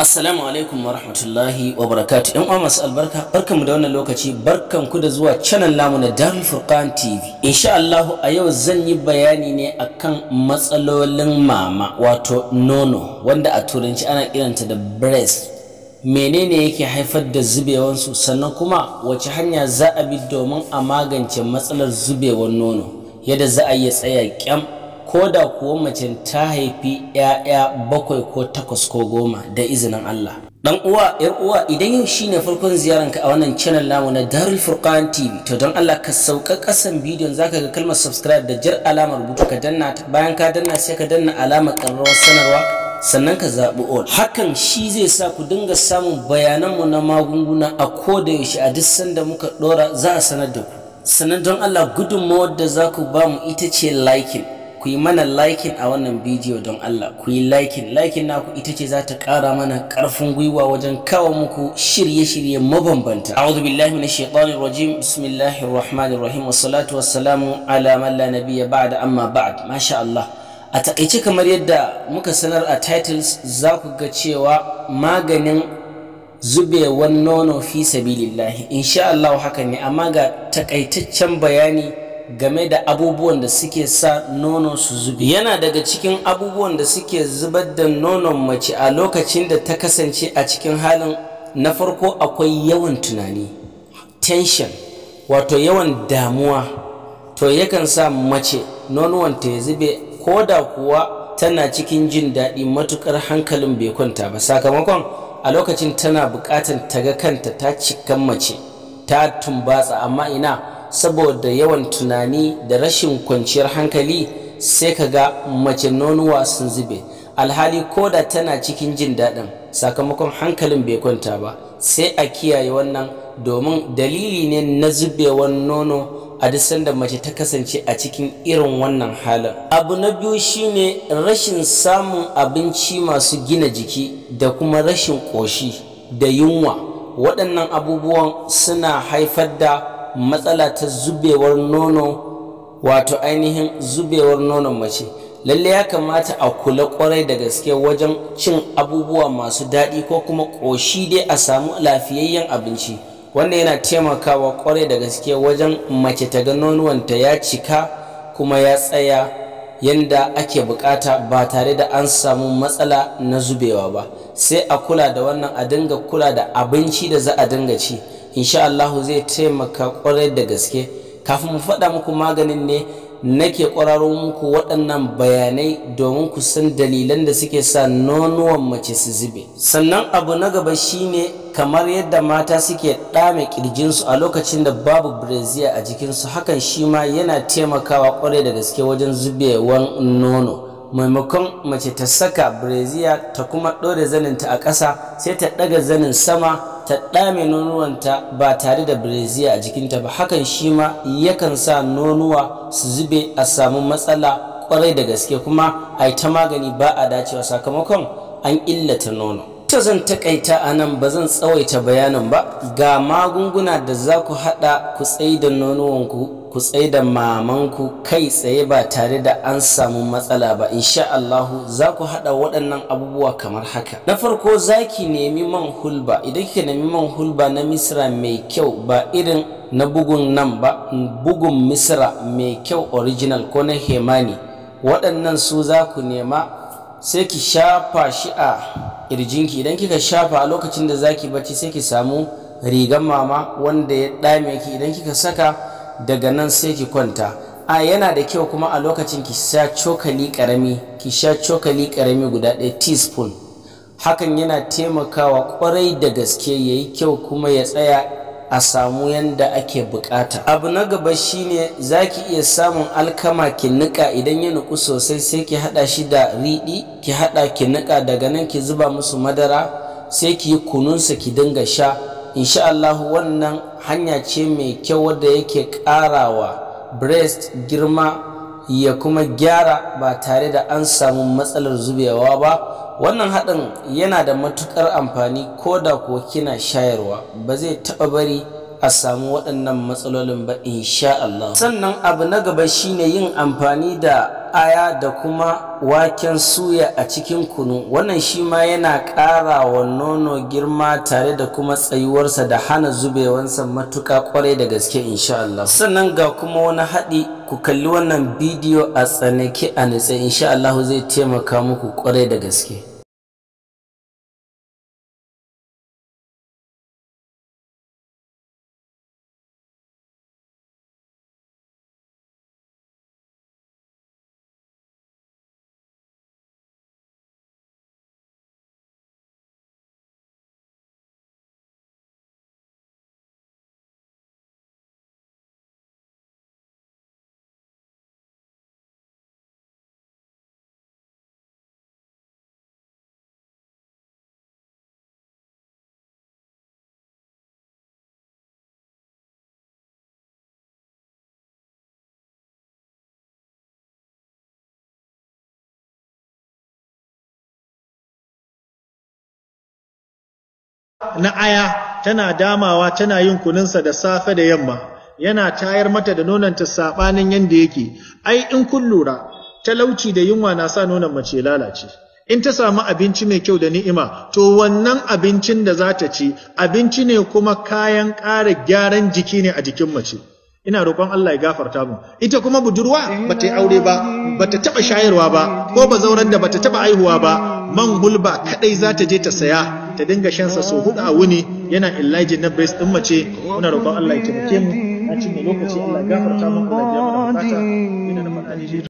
Assalamu alaikum wa rahmatullahi wa barakatuh. ‘Yan uwa masu albarka, barkanku da wannan lokaci, barkanku da zuwa channel namu na Darul Furqan TV. Insha Allah a yau zan yi bayani ne akan matsalolin mama wato nono wanda a turanci ana kiranta da breast. Menene yake haifar da zubewansu sannan kuma wace hanya za a bi domin a magance matsalar zubewar nono yadda za a iya tsaya kyam ko da kuwa mace ta haifi 'ya'ya bakwai ko takwas ko goma da izinin Allah dan uwa yar uwa idan yau shi ne farkon ziyararka a wannan channel namu na Darul Furqan TV to don Allah ka sauka kasan bidiyon za ka ga kalmar subscribe da jar alamar rubutu ka danna bayan ka danna sai ka danna alamar karrawar sanarwa sannan ka zaɓi all hakan shi zai sa ku dinga samun bayananmu na magunguna a koda yaushe a duk sanda muka ɗora za a sanar da ku sannan don allah gudunmawar da za ku ba mu ita ce liking ku yi mana likin a wannan bidiyo don Allah ku yi likin likin naku ita ce za ta ƙara mana ƙarfin gwiwa wajen kawo muku shirye-shirye mabambanta a'udhu billahi minash shaitanir rajim bismillahir rahmanir rahim wassalatu wassalamu ala man la nabiyya ba'da amma ba'd masha Allah a takaice kamar yadda muka sanar a titles za ku ga cewa maganin zubewan nono fi sabilillahi insha Allah haka ne amma ga takaitaccen bayani game da abubuwan da suke sa nono su zube yana daga cikin abubuwan da suke zubar da nonon mace a lokacin da ta kasance a cikin halin na farko akwai yawan tunani tension wato yawan damuwa to yakan sa mace nonuwanta ya zube ko da kuwa tana cikin jin daɗi matukar hankalin bai kwanta ba sakamakon a lokacin tana buƙatar ta ga kanta ta cikan mace ta tumbatsa amma ina saboda yawan tunani da rashin kwanciyar hankali sai ka ga mace nonuwa sun zube alhali ko da tana cikin jin daɗin sakamakon hankalin bai kwanta ba sai a kiyaye wannan domin dalili ne na zubewar nono a duk da mace ta kasance a cikin irin wannan halin abu na biyu shine rashin samun abinci masu gina jiki da kuma rashin ƙoshi da yunwa waɗannan abubuwan suna haifar da matsala ta zubewar nono wato ainihin zubewar nonon mace lalle ya kamata a kula kwarai da gaske wajen cin abubuwa masu daɗi ko kuma ƙoshi dai a samu lafiyayyen abinci wanda yana taimakawa kwarai da gaske wajen mace ta ga nonuwanta ya cika kuma ya tsaya yanda ake bukata ba tare da an samu matsala na zubewa ba sai a kula da wannan a dinga kula da abinci da za a dinga ci insha Allah zai taimaka kwarai da gaske kafin mu faɗa muku maganin ne nake kwararo muku waɗannan bayanai domin ku san dalilan da suke sa nonuwan mace su zube sannan abu na gaba shine kamar yadda mata suke ɗame ƙirjinsu a lokacin da babu brazier a jikin su hakan shi ma yana taimakawa ƙwarai da gaske wajen zubewan nono maimakon mace ta saka brazier ta kuma ɗore zaninta a ƙasa sai ta ɗaga zanin sama ta ɗame nonuwanta ba tare da breziya a jikinta ba hakan shi ma yakan sa nonuwa su zube a samu matsala kwarai da gaske kuma a ta magani ba a dacewa sakamakon an illata nono ta zan takaita a nan ba zan tsawaita bayanin ba ga magunguna da za ku haɗa ku tsaye da nonuwanku ku tsaye da mamanku kai tsaye ba tare da an samu matsala ba insha Allahu za ku haɗa waɗannan abubuwa kamar haka na farko za ki nemi man hulba idan kika nemi man hulba na misra mai kyau ba irin na bugun nan ba bugun misra mai kyau original ko na hemani waɗannan su za ku nema sai ki shafa shi a ƙirjinki idan kika shafa a lokacin da za ki bacci sai ki samu rigar mama wanda ya ɗame ki idan kika saka daga nan sai ki kwanta a yana da kyau kuma a lokacin ki sha cokali karami ki sha cokali karami guda ɗaya teaspoon hakan yana taimakawa kwarai da gaske ya yi kyau kuma ya tsaya a samu yanda ake bukata abu na gaba shine ki iya samun alkama ki nika idan ya nuku sosai sai ki hada shi da riɗi ki hada ki nika daga nan ki zuba musu madara sai ki yi kununsa ki dinga sha insha Allah wannan hanya ce mai kyau wadda yake ƙarawa breast girma ya kuma gyara ba tare da an samu matsalar zubewa ba wannan haɗin yana da matuƙar amfani ko da kuwa kina shayarwa ba zai taɓa bari a samu waɗannan matsalolin ba insha Allah sannan abu na gaba shine yin amfani da aya da kuma waken suya a cikin kunu wannan shi ma yana ƙara wa nono girma tare da kuma tsayuwarsa da hana zubewansa matuƙa ƙwarai da gaske insha Allah sannan ga kuma wani haɗi ku kalli wannan bidiyo a tsanake a nitse insha Allah zai taimaka muku kwarai da gaske na aya tana damawa tana yin kuninsa da safe da yamma yana tayar mata da nonanta sabanin yanda yake ai in kun lura talauci da yunwa na sa nonon mace lalace in ta samu abinci mai kyau da ni'ima to wannan abincin da za ta ci abinci ne kuma kayan ƙara gyaran jiki ne a jikin mace ina roƙon Allah ya gafarta mu ita kuma budurwa bata yi aure ba ba ta taba shayarwa ba ko ba bazauran da ba ta taɓa aihuwa ba man gulba kaɗai za ta je ta saya ta dinga shansa sau hudu a wuni yana illaji na breast din mace muna roƙon Allah ya taimake mu a cikin lokaci Allah ya gafarta mu da ya mana ina da